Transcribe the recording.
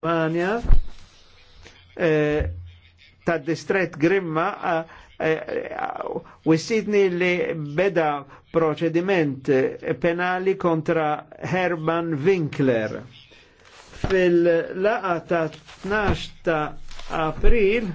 Germania eh, ta' distret Grimma eh, eh, u wissidni li beda proċediment penali kontra Herman Winkler. Fil-laqa ta' 12 ta' april